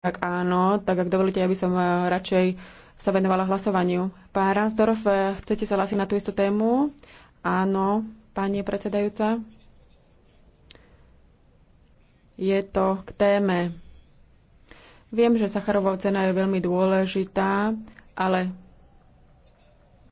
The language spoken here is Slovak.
Ak áno, tak ak dovolíte, ja by som eh, radšej sa venovala hlasovaniu. Pán Ransdorf, eh, chcete sa hlasiť na tú istú tému? Áno, pani predsedajúca. Je to k téme. Viem, že Sacharová cena je veľmi dôležitá, ale